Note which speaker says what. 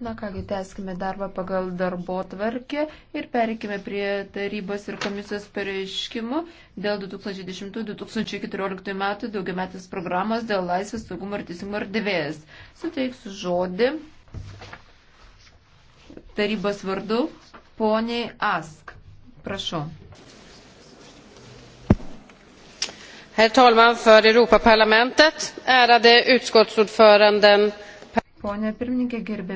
Speaker 1: Na
Speaker 2: kągi, tęskime darbą pagal darbo tvarkę ir perikime prie tarybos ir komisijos pareiškimų dėl 2010-2014 metų daugiametės programos dėl laisvės saugumo ir teisingumo erdvės. Suteiksiu žodį tarybos vardu poniai Ask. Prašau.
Speaker 3: Herr talman för Europaparlamentet, ärade utskottsordföranden. Pone pirmininkė, gerbė